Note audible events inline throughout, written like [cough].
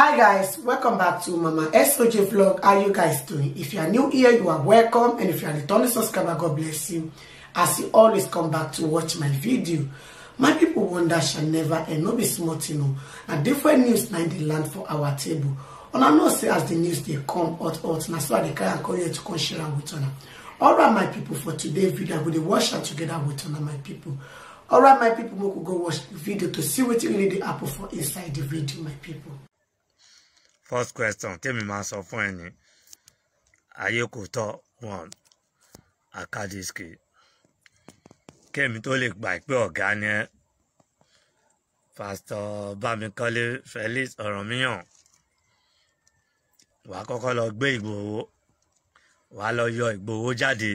hi guys welcome back to mama soj vlog how you guys doing if you are new here you are welcome and if you are returning subscriber god bless you as you always come back to watch my video my people wonder shall never and no be smart, you know and different news now the land for our table and i know say as the news they come out out now so they can call you to come share with honor all right my people for today's video we will watch out together with honor my people all right my people we could go watch the video to see what really the apple for inside the video my people first question tèmi máa sọ fún ẹ ní ayé kò tọ́ one akadiski kémi tó lè gbà pé ọ̀gá ni ẹ pásítọ̀ Bámikọ́lé Felix Ọ̀rànmíyàn wàá kọ́kọ́ lọ gbé Ìgbòho wàá lọ yọ Ìgbòho jáde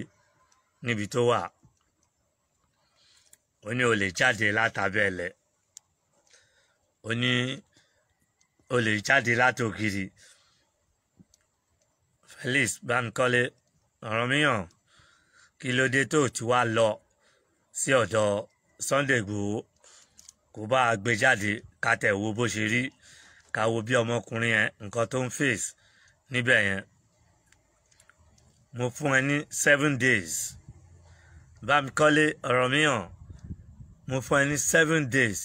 níbi tó wà ó ní o lè jáde látàbẹ̀lẹ̀ ó ní o lè jáde látòkìrì Felix Bankole Ọ̀rànmíyàn kí ló dé tó ti wá lọ sí ọ̀dọ̀ Sunday Igboho kó bá a gbé jáde ká tẹ̀ wo bó ṣe rí ká wo bí ọmọkùnrin yẹn nǹkan tó ń face níbẹ̀ yẹn mo fún ẹ ní seven days Bankole Ọ̀rànmíyàn mo fún ẹ ní seven days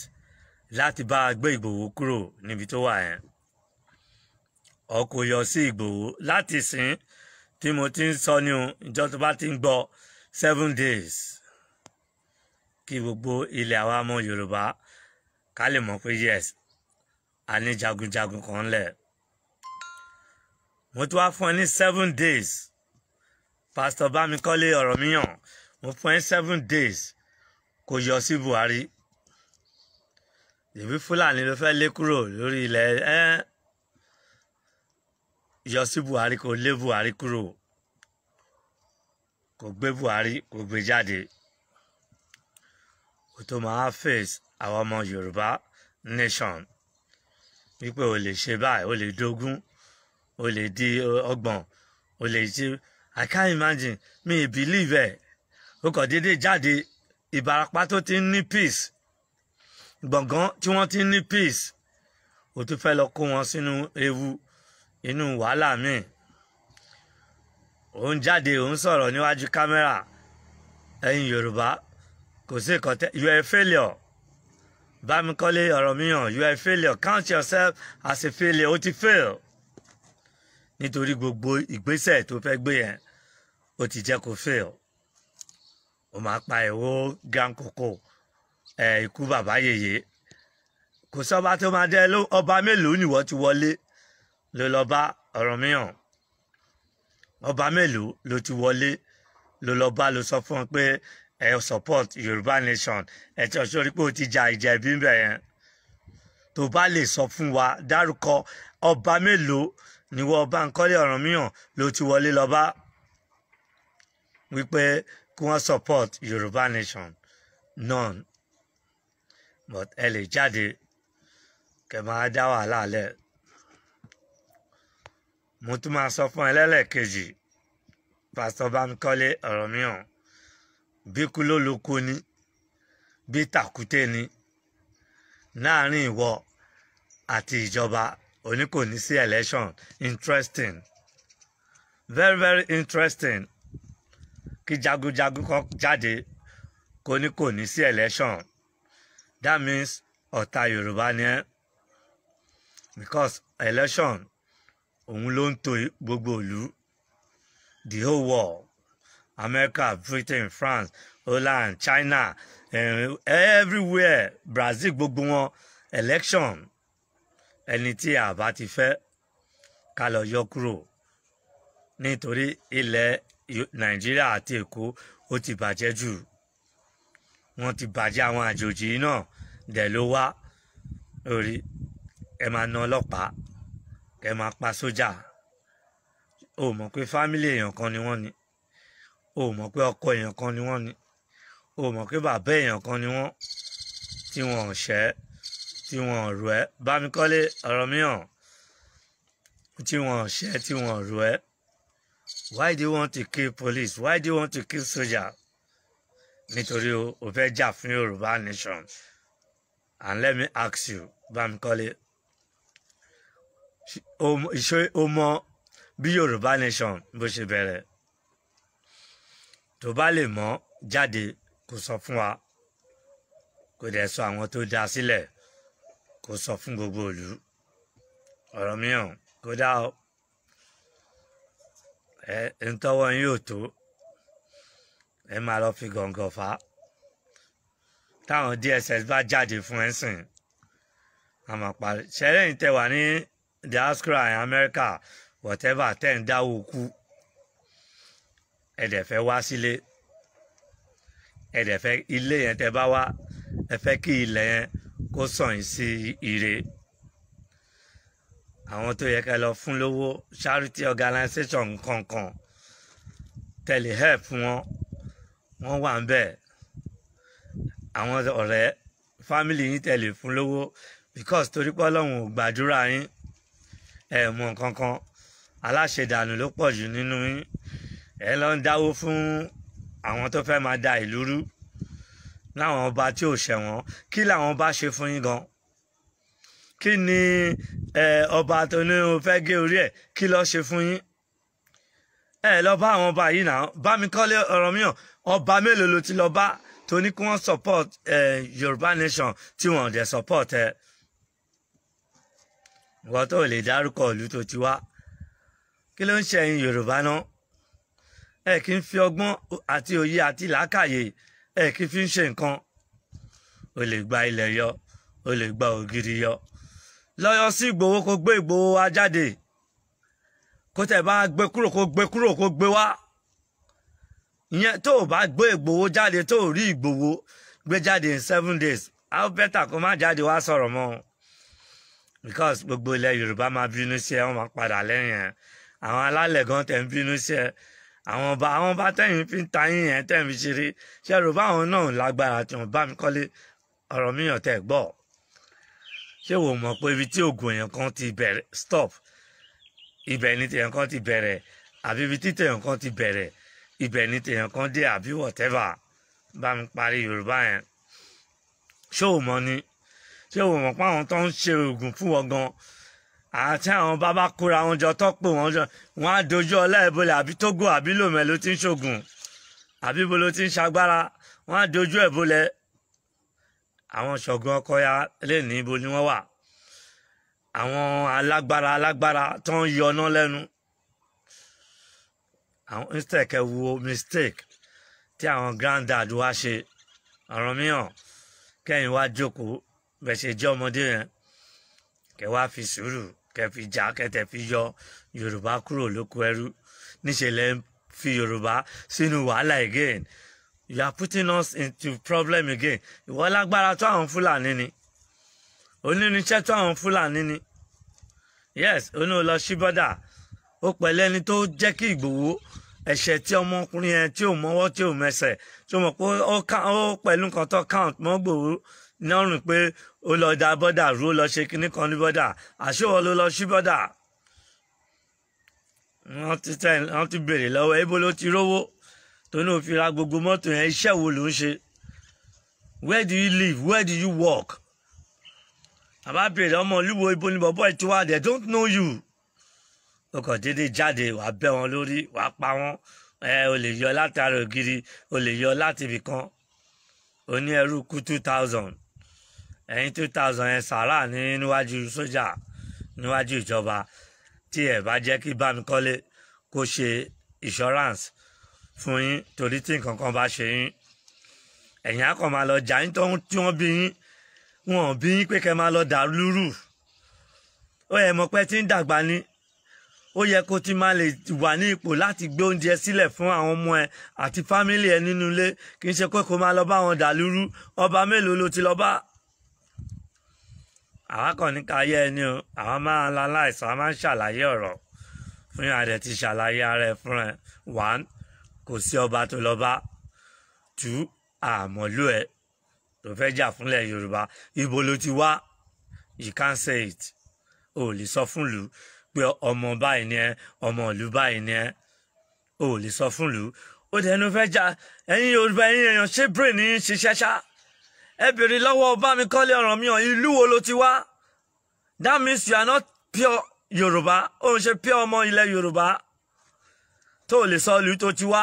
láti bá a gbé Ìgbòho kúrò níbi tó wà yẹn ọkọ̀ yọ sí Ìgbòho láti sìn tí mo ti ń sọ ní o ìjọ tó bá ti ń gbọ́ seven days kí gbogbo ilẹ̀ àwa ọmọ Yorùbá ká lè mọ̀ pé yes a ní jagunjagun kan lẹ̀ mo tún wá fún ẹ ní seven days pásítọ̀ Bámikọ́lé ọ̀rọ̀ mi yàn mo fún ẹ seven days kò yọ sí Buhari ìbí fúlàní ló fẹ́ lé kúrò lórí ilẹ̀ ẹ́ yọ sí buhari kò lé buhari kúrò kò gbé buhari kò gbé jáde kò tó máa face àwọn ọmọ yorùbá nation wípé o lè ṣe báyìí o lè dógún o lè di ọgbọ̀n o lè ṣe i can't imagine me believe ẹ o kàn déédéé jáde ìbarapá tó ti ń ní peace gbọ̀ngàn tí wọ́n ti ní peace ó tún fẹ́ lọ kó wọn sínú ewu inú wàhálà míì òun jáde òun sọ̀rọ̀ níwájú kámẹ́rà ẹ̀yin yorùbá kò sí ìkọ́tẹ́ you are a failure bámikọ́lé ọ̀rọ̀ mìíràn you are a failure count yourself as a failure ó ti fail nítorí gbogbo ìgbésẹ̀ tó fẹ́ gbé yẹn ó ti jẹ́ kó fail ó máa pa ìwó gan kòkó ikú bàbá yèyé kò sọba tó máa dẹ ọba mélòó nìwọ ti wọlé ló lọ bá Ọ̀rànmíyàn ọba mélòó ló ti wọlé ló lọ bá ló sọ fún ọ pé ẹ support Yorùbá nation ẹ ti ọṣọ rí pé o ti jà ìjà ìbí bẹ̀ yẹn tó bá lè sọ fún wa dárúkọ ọba mélòó níwọ Bánkọ́lé Ọ̀rànmíyàn ló ti wọlé lọ bá wípé kí wọ́n support Yorùbá nation none but ẹ lè jáde kẹ máa dá wàhálà lẹ mo tún máa sọ fún ẹlẹ́lẹ́kejì pásítọ̀ Bámikọ́lé ọ̀rọ̀ mìíràn bí kú ló lo kú ni bí tàkúté ni láàrin ìwọ àti ìjọba òní sí election interesting very very interesting kí jagunjagun kan jáde kò ní sí election that means ọ̀tá yorùbá ni ẹ́ because election òun ló ń to gbogbo ìlú the whole world america britain france holland china eh, everywhere brazil gbogbo wọn election ẹni tí a bá ti fẹ́ ká lọ yọ kúrò nítorí ilẹ̀ nàìjíríà àti èkó ó ti bàjẹ́ jù wọ́n ti bàjẹ́ àwọn àjòjì náà dẹ̀ ló wá orí ẹ máa na ọlọ́pàá ẹ máa pa sójà o mọ̀ pé fámílì èèyàn kan ni wọ́n ni o mọ̀ pé ọkọ èèyàn kan ni wọ́n ni o mọ̀ pé bàbá èèyàn kan ni wọ́n tí wọ́n ò ṣẹ́ tí wọ́n ò rú ẹ́ bámikọ́lé ọ̀rọ̀ mìíràn tí wọ́n ò ṣẹ́ tí wọ́n ò rú ẹ́ why do you want to kill police why do you want to kill soldier nítorí o fẹ́ jà fún Yorùbá nation and let me ask you Bamikole Omo, o mọ bí Yorùbá nation bó ṣe bẹ̀rẹ̀ tó bá lè mọ̀ jáde kó sọ fún wa kó dẹ̀ sọ àwọn tó dá sílẹ̀ kó sọ fún gbogbo ìlú ọ̀rọ̀ mìíràn kó dá ọ ẹ ń tọ́wọ́ yín ò tó ẹ máa lọ fi gàngàn fà táwọn DSS bá jáde fún ẹ̀sìn àmàpà ṣẹlẹ́yìn tẹ wà ní diaspora in America whatever tẹ̀ ń dáwó kú ẹ̀dẹ̀ fẹ́ wá sílé ẹ̀dẹ̀ fẹ́ ilé yẹn tẹ bá wá ẹ fẹ́ kí ilẹ̀ yẹn kó sàn yín sí ire àwọn tó yẹ ká lọ fún lówó charity organization kankan tẹ̀lé help wọn wọ́n wà ń bẹ́ẹ̀ àwọn ọ̀rẹ́ fámìlì yín tẹ̀lé fún lówó because torí pé ọlọ́run ò gbàdúrà yín ẹ mọ nǹkan kan aláṣẹdànù ló pọ̀ jù nínú yín ẹ lọ ń dáwó fún àwọn tó fẹ́ máa da ìlú rú láwọn ọba tí ò ṣẹ̀wọ̀n kí làwọn bá ṣe fún yín gan kí ni ọba tó ní o fẹ́ gé orí ẹ̀ kí ló ṣe fún yín ẹ lọ bá àwọn ọba yìí náà bá mi kọ́lé ọ̀rọ̀ mìíràn ọba mélòó ló ti lọ bá tó ní kí wọ́n support eh, Yorùbá nation tí wọ́n dẹ̀ support ẹ̀ wọ́n tó lè dárúkọ ìlú tó ti wá kí ló ń ṣe ẹ̀yin Yorùbá náà ẹ kì í fi ọgbọ́n àti òye àti làákàyè ẹ kì í fi ń ṣe nǹkan o lè gba ilẹ̀ yọ o lè gba ògiri yọ lọ́yọ́ sí Ìgbòho kó gbé Ìgbòho wa jáde kó tẹ̀ bá gbé kúrò kó gbé kúrò kó gbé wá ìyẹn tó o bá gbé Ìgbòho jáde tó o rí Ìgbòho gbé jáde in seven days how better kó má jáde wá sọ̀rọ̀ mọ́ because gbogbo ilẹ̀ Yorùbá máa bínú sí ẹ wọ́n máa padà lẹ́yìn ẹ àwọn alálẹ̀ gan tẹ̀ ń bínú sí ẹ àwọn ọba àwọn ọba tẹ̀yìn fi ń ta yín yẹn tẹ̀ ń fi ṣeré ṣe Yorùbá àwọn náà lágbára tí wọ́n bá mi kọ́lé ọ̀rọ̀ mi yàn tẹ̀ gbọ́ ṣé wò mọ̀ pé ibi tí oògùn èèyàn kan ti bẹ̀rẹ̀ stop ibẹ̀ ni tèèyàn kan ti bẹ̀rẹ̀ àbí ibi tí tèèyàn kan ti bẹ̀rẹ̀ ibẹ̀ ni tèèyàn kan dé àbí whatever bá mi parí yorùbá yẹn ṣé o mọ̀ ni ṣé o mọ̀ pé àwọn tó ń ṣe oògùn fún wọn gan àti àwọn bàbá kóra wọn jọ tọ́pọ̀ wọn jọ wọn á dojú ọláìbolẹ̀ àbí tógó àbí lòmẹ ló ti ń ṣoògùn àbí bo ló ti ń ṣagbára wọn á dojú ẹ̀ àwọn ṣọ̀gùn ọkọya lè ní ibo ni wọ́n wà àwọn alágbára alágbára tó ń yọná lẹ́nu àwọn instead kẹ wo mistake tí àwọn granddad wa ṣe ọ̀ràn mìíràn kẹ́yìn wá jókòó bẹ̀ ṣe jẹ́ ọmọdé yẹn kẹ wá fi sùúrù kẹ fi jà kẹtẹ fi yọ yorùbá kúrò lóko ẹrú níṣẹ́ lẹ́ fi yorùbá sínú wàhálà again you are putting us into problem again ìwọ lágbára tó àwọn fúlàní ni onírinṣẹ́ tó àwọn fúlàní ni yes oní lọ sí bọ́dà ó pẹ̀lú tó jẹ́ kí ìgbòho ẹ̀ṣẹ̀ tí ọmọkùnrin yẹn tí ò mọwọ́ tí ò mẹsẹ̀ tí ó mọ̀ pé ó pẹ̀lú nǹkan tó count mọ́ gbòòrò lọ́rùn pé ó lọ da bọ́dà rú lọ ṣe kinní kan ní bọ́dà àṣewọ́ ló lọ sí bọ́dà wọ́n ti béèrè lọ́wọ́ ibo ló ti rówó tó ní òfin ra gbogbo mọ́tò yẹn iṣẹ́ wo ló ń ṣe where do you live where do you work àbá béèrè ọmọ olúwo ibo ni bọ́bọ́ ẹ̀ ti wá they don't know you o kàn dédé jáde wàá bẹ́ wọn lórí wàá pa wọn ẹ o lè yọ látara ògiri o lè yọ láti ibì kan o ní ẹrú kú two thousand ẹ̀yin two thousand yẹn sàrà ní níwájú sójà níwájú ìjọba tí ẹ bá jẹ́ kí Bánikọ́lé kó ṣe insurance fún yín torí tí nǹkan kan bá ṣe yín ẹ̀yin á kàn máa lọ jà yín tí wọ́n bí yín wọn bí yín pé kẹ́ máa lọ dàlúrù ó yẹ mọ̀ pé tí ń dàgbà ni ó yẹ kó ti máa lè wà ní ipò láti gbé oúnjẹ sílẹ̀ fún àwọn ọmọ ẹ àti fámílì ẹ nínú ilé kì í ṣe pé kó máa lọ bá wọn dàlúrú ọba mélòó ló ti lọ bá. àwa kàn ní ká ẹni o àwa máa la láìsàn a máa ń ṣàlàyé ọ̀rọ̀ fún yàrá rẹ̀ ti ṣàlàyé ara ẹ̀ fúnra ẹ̀ one kò sí ọba tó lọ bá two àmọ́lú ẹ̀ tó fẹ́ jà fúnlẹ̀ yorùbá ibo ló ti wá you can say it o ò lè sọ fún lù pé ọmọ báyìí ni ẹ ọmọ ìlú báyìí ni ẹ o ò lè sọ fún ìlú ó dẹnu fẹ́ jà ẹ̀yin yorùbá ẹ̀yin èèyàn ṣé brain ní ṣiṣẹ́ ṣá ẹ bèrè lọ́wọ́ bá mi kọ́lé ọ̀ràn mi hàn ìlú wo ló ti wá that means you are not pure yorùbá ó ń ṣe pure ọmọ ilẹ̀ yorùbá tó o lè sọ ìlú tó ti wá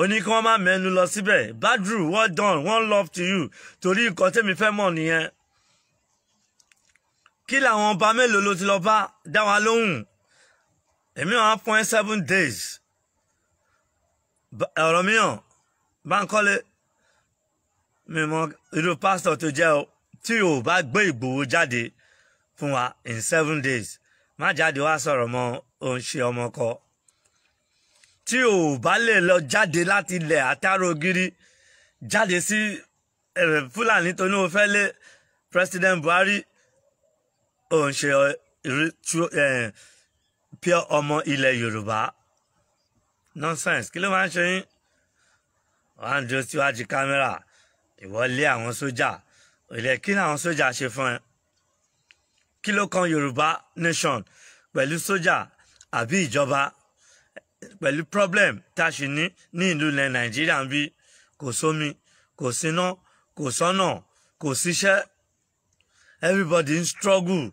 oní kí wọ́n má mẹ́nu lọ síbẹ̀ badru well done one love to you torí nǹkan tẹ́mi fẹ́ mọ̀ nìyẹn kí làwọn ọba mélòó ló ti lọ bá dá wa lóhùn èmi one point seven days ọ̀rọ̀ mìíràn Bánkọ́lé mi mọ irú pásítọ̀ tó jẹ́ o tí o bá gbé Ìgbòho jáde fún wa in seven days má jáde wá sọ̀rọ̀ mọ́ ò ń ṣe ọmọ kọ tí o bá lè lọ jáde láti ilẹ̀ àtàrò gírí jáde sí eh, Fúlàní tó ní o fẹ́ lé President Buhari ò ń ṣe pure ọmọ ilẹ̀ yorùbá nonsense kí ló máa ń ṣe yín wàá dúró síwájú kámẹ́rà ìwọlé àwọn sójà ilẹ̀ kí ni àwọn sójà ṣe fún ẹ kí ló kan yorùbá nation pẹ̀lú sójà àbí ìjọba pẹ̀lú problem tá a ṣì ní ní ìlú ilẹ̀ nàìjíríà ń bí kò sómi kò síná kò sọ́nà kò síṣẹ́ everybody ń struggle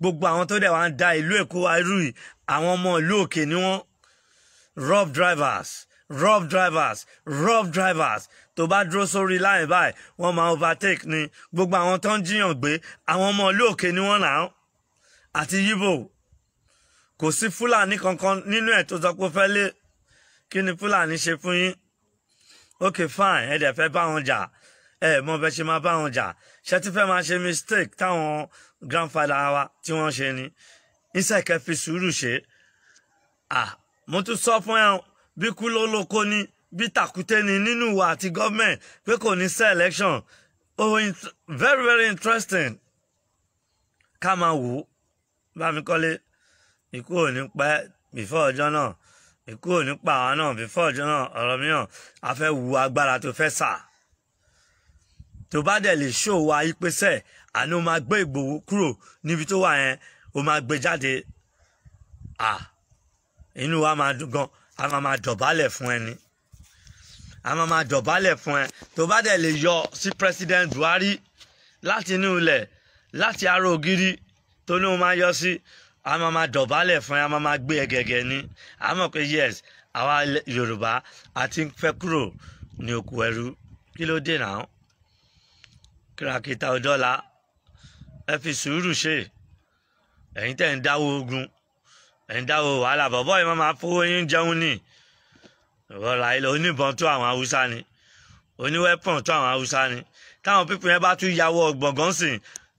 gbogbo àwọn tó dẹ̀ wá ń da ìlú èkó wa irú yìí àwọn ọmọ ìlú òkè ni wọ́n rob drivers rob drivers rob drivers tó bá dúró sórí láì báyìí wọ́n máa overtake ni gbogbo àwọn tó ń jiyàn gbé àwọn ọmọ ìlú òkè ni wọ́n náà àti yíbò kò sí fúlàní kankan nínú ẹ̀ tó sọ pé ó fẹ́ lé kí ni fúlàní ṣe fún yín ok fine ẹ dẹ̀ fẹ́ bá wọn jà ẹ mọ bẹ ṣe máa bá wọn jà ṣe ti fẹ́ máa ṣe mistake táwọn grandfather wa tí wọ́n ṣe ni ìṣèkẹ́ fi sùúrù ṣe ah mo tún sọ fún ẹ bí kú ló lóko ni bí tàkúté ni nínú ìwà àti gọ́ọ̀mẹ̀ntì pé kò ní ṣe election oh very very interesting ká máa wò ó bámi kọ́lé ikú ò ní pẹ́ before ọjọ́ náà ikú ò ní pa àwọn náà before ọjọ́ náà ọ̀rọ̀ mìíràn a fẹ́ wu agbára tó fẹ́ sà tó bá dẹ̀ lè ṣó wa yí pé sẹ́ẹ̀ àní o máa gbé Ìgbòho kúrò níbi tó wà yẹn o máa gbé jáde à inú wa máa dùn gan a máa máa dọ̀bálẹ̀ fún ẹ ni a máa máa dọ̀bálẹ̀ fún ẹ tó bá dẹ̀ lè yọ sí President Buhari láti inú ilẹ̀ láti ara ògiri tó ní o máa yọ sí a máa máa dọ̀bálẹ̀ fún ẹ a máa máa gbé ẹ gẹ̀gẹ̀ ni a mọ̀ pé yes àwa Yorùbá a fẹ́ kúrò ní oko ẹrú kí ló dé náà kìràkìtà òjọ́la ẹ fi sùúrù ṣe ẹ̀yin tẹ̀ ń dáwó ogun ẹ̀yin dáwó wàhálà bọ̀bọ́ yìí máa fowó yín jẹun ní ìrọ̀lá ilẹ̀ oníbọn tó àwọn haúsá ni oníwẹ́pọ̀n tó àwọn haúsá ni táwọn pípín yẹn bá tún yàwọ̀ gbọ̀ngàn sìn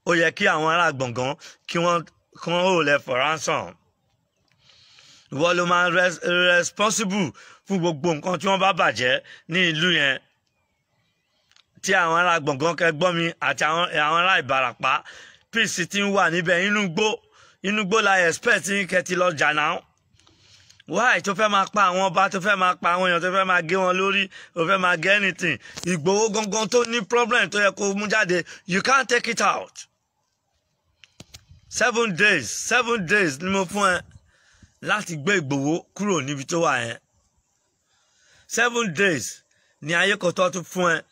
ó yẹ kí àwọn ará gbọ̀ngàn kí wọ́n kán ó lẹ̀ fọ̀ránṣàn ìwọ ló máa responsible fún gbogbo nǹkan tí wọ́n bá bàjẹ́ ní ìlú yẹn tí àwọn ará gbọ̀ngàn kẹgbọ́mi àti àwọn ará ìbàràpá peace ti ń wà níbẹ̀ inú gbó inú gbó la expect ní kẹtì lọ jà náà why tó fẹ́ máa pa àwọn ọba tó fẹ́ máa pa àwọn èèyàn tó fẹ́ máa gé wọn lórí tó fẹ́ máa gé anything Ìgbòho gangan tó ní problem tó yẹ kó mú jáde you can't take it out seven days seven days ni mo fún ẹ láti gbé Ìgbòho kúrò níbi tó wà yẹn seven days ni ayé kò tọ́ tún fún ẹ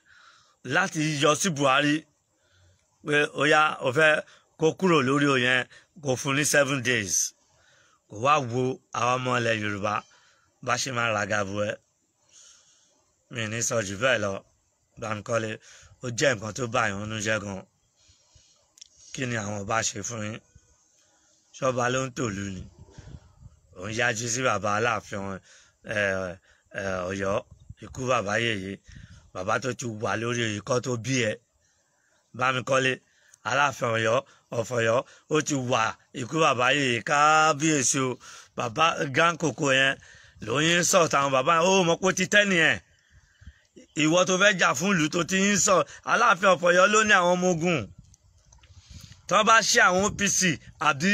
láti yọ sí Buhari pé ó yá ó fẹ́ kó kúrò lórí òyìn kó fún ní seven days kó wá wo àwọn ọmọ ilẹ̀ Yorùbá bá ṣe máa ra gàbù ẹ mi ní sọ jù bẹ́ẹ̀ lọ Bankole ó jẹ́ nǹkan tó bá ìhun jẹ́ gan kí ni àwọn ọba ṣe fún yín ṣọba ló ń tòlú ni òun yájú sí baba Aláàfin Ọ̀yọ́ ikú bàbá yèyé bàbá tó ti wà lórí ìkọ́ tó bí ẹ Bámikọ́lé aláàfin Ọ̀yọ́ ọfọyọ ó ti wà ikú bàbá yìí kábíyèsí o bàbá gán kòkó yẹn lóyún sọ̀tà àwọn bàbá yẹn ó mọ̀ pé ó ti tẹ́ nìyẹn ìwọ tó fẹ́ jà fún ìlú tó ti ń sọ aláàfin ọ̀fọ̀yọ́ ló ní àwọn ọmọ ogun tí wọ́n bá ṣe àwọn OPC àbí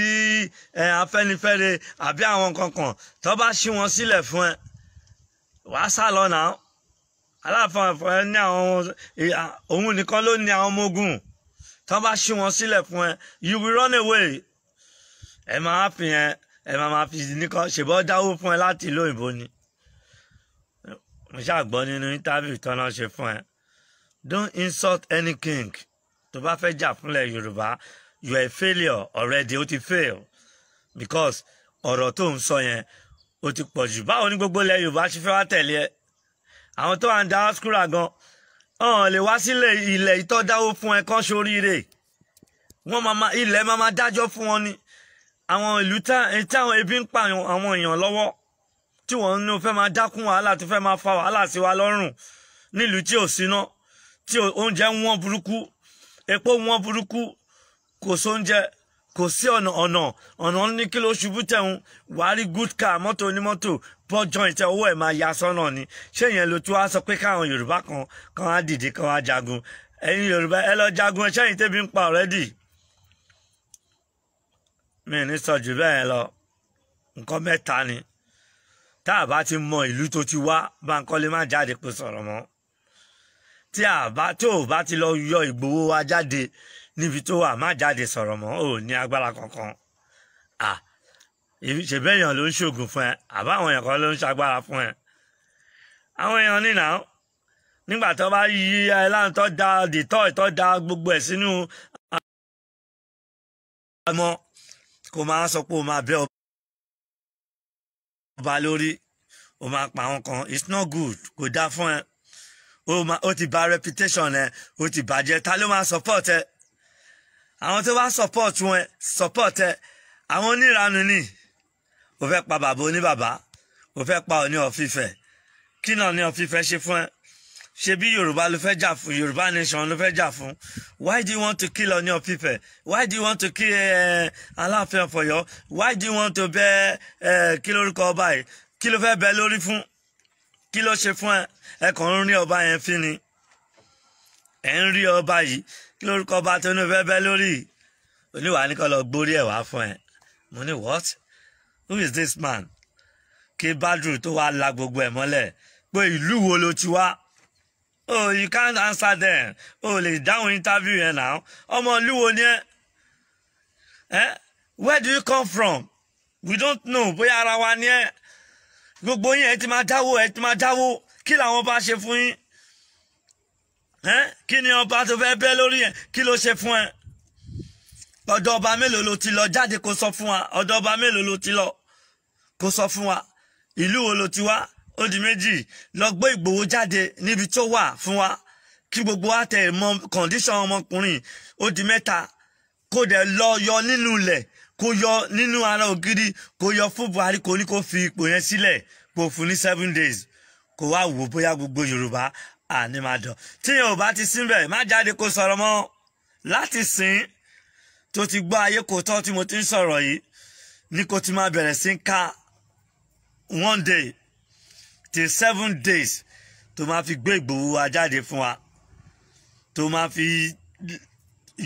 Afẹ́nifẹ́re àbí àwọn kankan tí wọ́n bá ṣí wọn sílẹ̀ fún ẹ wàá sá lọ aláàfáà ẹ ní àwọn òun nìkan ló ní àwọn ọmọ ogun tó bá ṣí wọn sílẹ̀ fún ẹ you will run away ẹ máa fi yẹn ẹ máa máa fi nìkan ṣèbọ́ dáwó fún ẹ láti ìlú òyìnbó ni mo ṣàgbọ́ nínú interview tán náà ṣe fún ẹ don't insult any king tó bá fẹ́ jà fúnlẹ̀ yorùbá you are a failure already o ti fail because ọ̀rọ̀ tó ń sọ yẹn o ti pọ̀ jù báwo ni gbogbo ilẹ̀ yorùbá ṣe fẹ́ wá tẹ̀lé ẹ àwọn tó wà ń diaspora gan ọ̀n lè wá sílẹ̀ ilẹ̀ ìtọ́dáwó fún ẹ kán ṣoríire wọ́n máa ilẹ̀ máa máa dájọ́ fún wọn ni àwọn ìlú táwọn ebi ń pa àwọn èèyàn lọ́wọ́ tí wọ́n ní o fẹ́ máa dákún wàhálà tó fẹ́ máa fa wàhálà sí wa lọ́rùn nílùú tí ò síná tí oúnjẹ ń wọ́n burúkú epo ń wọ́n burúkú kò sóúnjẹ kò sí ọ̀nà ọ̀nà ọ̀nà ní kí ló ṣubú tẹ̀hún wàá rí good car mọ́tò onímọ́tò bọ́ joint owó ẹ̀ máa ya sọ́nà ni ṣé ìyẹn ló tún wá sọ pé káwọn yorùbá kan kan á dìde kan á jagun ẹ̀yin yorùbá ẹ lọ jagun ẹ ṣẹ́yìn tẹ́bi ń pa already mi ní sọ jù bẹ́ẹ̀ lọ nǹkan mẹ́ta ni tá a bá ti mọ ìlú tó ti wá Bánkọ́lé má jáde kó sọ̀rọ̀ mọ́ tí a bá tó o bá ti lọ yọ Ìgbòho wa jáde níbi tó wà má jáde sọ̀rọ̀ mọ́ ò ní agbára kankan à ṣèbẹ́ èèyàn ló ń ṣoògùn fún ẹ àbáwọn èèyàn kan ló ń ṣagbára fún ẹ àwọn èèyàn nínà nígbà tó bá yí ẹ láǹ tó da dìtọ́ ìtọ́ da gbogbo ẹ̀ sínú ọmọ kó máa sọ pé o máa bẹ ọba lórí o máa pa àwọn kan it's not good kò dáa fún ẹ o ti bà reputation ẹ o ti bàjẹ́ ta ló máa support ẹ àwọn tó wá support wọn support ẹ àwọn oníranú ni ò fẹ́ pa bàbá oníbàbá ò fẹ́ pa òní ọ̀fìfẹ́ kí náà ní ọ̀fìfẹ́ ṣe fún ẹ ṣe bí yorùbá ló fẹ́ jà fún yorùbá nation ló fẹ́ jà fún why do you want to kill Ọọ̀ni of why do you want to kill eh, Aláàfin of Ọ̀yọ́ why do you want to bẹ eh, kí lórúkọ ọba yìí kí ló fẹ́ bẹ lórí fún kí ló ṣe fún ẹ ẹ kàn ń rí ọba yẹn fín ni ẹ ń rí ọba yìí kí lórúkọ ọba tó ní fẹ́ bẹ́ lórí oníwà ní kọ́ lọ gbórí ẹ̀ wá fún ẹ mo ní what who is this man kí badru tó wá la gbogbo ẹ̀ mọ́lẹ̀ pé ìlú wo ló ti wá oh you can't answer them oh lè dáhùn interview yẹn náà ọmọ ìlú wo ni ẹ eh where do you come from we don't know bóyá ara wa ni ẹ gbogbo yín ẹ ti máa dáwó ẹ ti máa dáwó kí làwọn bá ṣe fún yín kí ni ọba tó fẹ́ bẹ́ lórí ẹ̀ kí ló ṣe fún ẹ ọ̀dọ̀ ọba mélòó ló ti lọ jáde kó sọ fún wa ọ̀dọ̀ ọba mélòó ló ti lọ kó sọ fún wa ìlú wo ló ti wá ó di méjì lọ gbé Ìgbòho jáde níbi tó wà fún wa kí gbogbo wa tẹ̀ mọ kọ̀ǹdíṣàn ọmọkùnrin ó di mẹ́ta kó dẹ̀ lọ yọ nínú ilẹ̀ kó yọ nínú ara ògiri kó yọ fún Buhari kó ní kó fi ipò yẹn sílẹ̀ kó fún ní seven days kó wá wò bóyá gbogbo Yorùbá àní máa dàn tíyẹn ò bá ti sínbẹ̀ má jáde kó sọ̀rọ̀ mọ́ láti sìn tó ti gbọ́ ayé kò tọ́ tí mo ti ń sọ̀rọ̀ yìí ní kó ti máa bẹ̀rẹ̀ sí ká one day till seven days tó máa fi gbé Ìgbòho wa jáde fún wa tó máa fi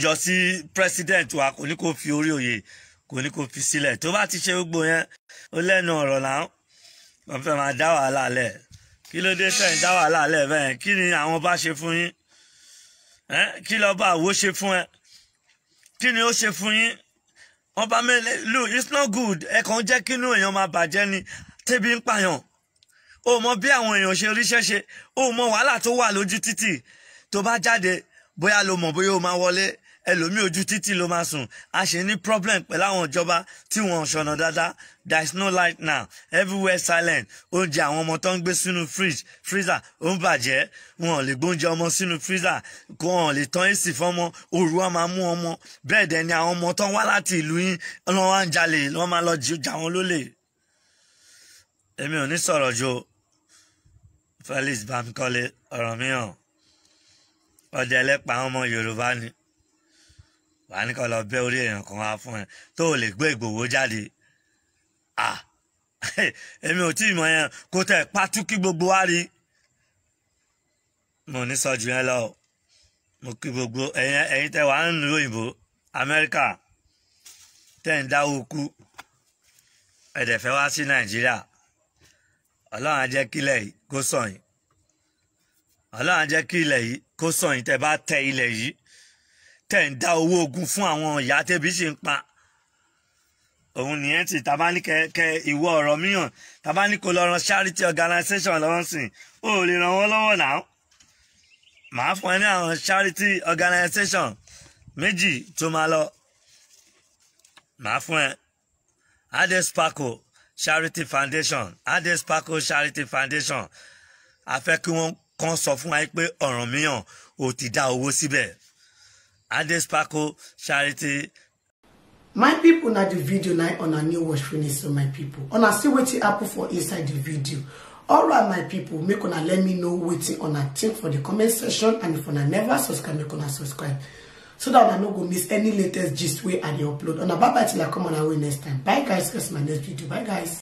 yọ sí president wa kò ní kó fi orí oyè kò ní kó fi sílẹ̀ tó bá ti ṣe gbogbo yẹn ó lẹ́nu ọ̀rọ̀ làwọn wọ́n fẹ́ máa dá wàhálà lẹ̀ kí ló dé tẹ̀ ń dá wàhálà lẹ̀ bẹ́ẹ̀ kí ni àwọn bá ṣe fún yín kí lọ́ba àwo ṣe fún ẹ kí ni ó ṣe fún yín wọn bá mẹ́lẹ̀ lù it's not good ẹ kàn jẹ́ kínú èèyàn máa bàjẹ́ ni tẹ́bi ń pààyàn o mọ bí àwọn èèyàn ṣe ríṣẹ́ ṣe o mọ wàhálà tó wà lójú títì tó bá jáde bóyá lo mọ̀ bóyá o máa wọlé ẹlòmíì ojú títì ló máa sùn a ṣe ní problem pẹ̀lú àwọn ìjọba tí wọ́n ṣọ̀nà dáadáa there is no light now everywhere silent oúnjẹ àwọn ọmọ tó ń gbé sínú fridge freezer ó ń bàjẹ́ wọn ò lè gbóúnjẹ ọmọ sínú freezer kó wọn ò lè tán èsì fọmọ òru wọn máa mú ọmọ bẹ́ẹ̀ dẹ̀ ni àwọn ọmọ tó ń wá láti ìlú yín lọ́n wá ń jalè lọ́n máa lọ jà wọn lólè èmi ò ní sọ̀rọ̀ jo Felix Bankole ọ̀rọ̀ mi ọ̀dẹ̀ ẹlẹ́pàá ọmọ Yorùbá ni wàá ní kó lọ bẹ́ orí èèyàn kan wá fún ẹ tó o lè gbé Ìgbòho jáde [laughs] èmi ò tí ì mọ yẹn kó tẹ pátú kí gbogbo wa rí mo ní sọ jù yẹn lọ mo kí gbogbo ẹ̀yin tẹ wàá nínú òyìnbó Amẹ́ríkà tẹ ń dáwó kú ẹ̀dẹ̀fẹ́ wá sí Nàìjíríà Ọlọ́run á jẹ́ yìí kó sàn yìí Ọlọ́run á jẹ́ yìí kó sàn yìí tẹ bá tẹ ilẹ̀ yìí tẹ̀ ń dá owó ogun fún àwọn ìyá tẹ́bí ṣe ń pa òun nìyẹn tí tá bá ní kẹ ìwọ ọ̀rọ̀ mìíràn tá bá ní kó lọ ran charity organization lọ́wọ́ sìn ó lè ràn wọ́n lọ́wọ́ náà màá fún ẹ ní àwọn charity organization méjì tó máa lọ màá fún ẹ adespaco charity foundation adespaco charity foundation afẹ́ kí wọ́n kàn sọ fún wa pé ọ̀ràn mìíràn ò ti dá owó síbẹ̀ adespaco charity my pipo na di video na una new watch finish so my pipo una see wetin happen for inside di video alright my pipo make una let me know wetin una think for di comment section and if una never subscribe make una subscribe so dat una no go miss any latest gist wey i dey upload una bye bye till i come on our way next time bye guys catch my next video bye guys